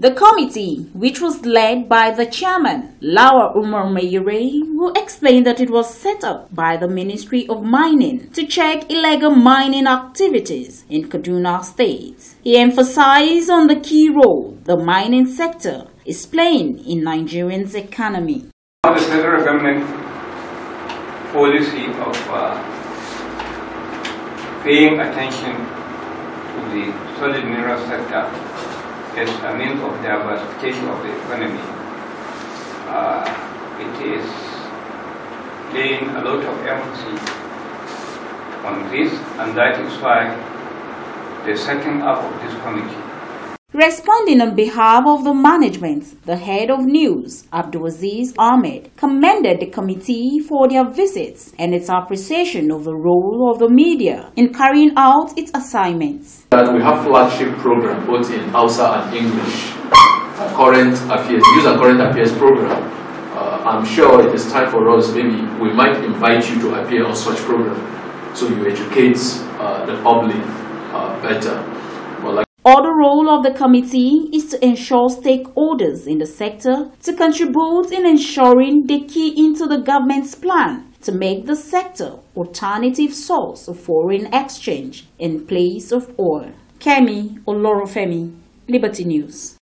The committee, which was led by the chairman, Laura Umar Meire, who explained that it was set up by the Ministry of Mining to check illegal mining activities in Kaduna State. He emphasized on the key role the mining sector is playing in Nigeria's economy. The federal government policy of uh, paying attention to the solid mineral sector as a means of diversification of the economy. Uh, it is laying a lot of emphasis on this, and that is why the second half of this committee Responding on behalf of the management, the head of news, Abdulaziz Ahmed, commended the committee for their visits and its appreciation of the role of the media in carrying out its assignments. That we have flagship program both in Hausa and English, current affairs, news and current affairs program. Uh, I'm sure it is time for us, maybe we might invite you to appear on such program so you educate uh, the public uh, better. But like All the roles of the committee is to ensure stakeholders in the sector to contribute in ensuring they key into the government's plan to make the sector alternative source of foreign exchange in place of oil. Kemi Olorofemi, Liberty News.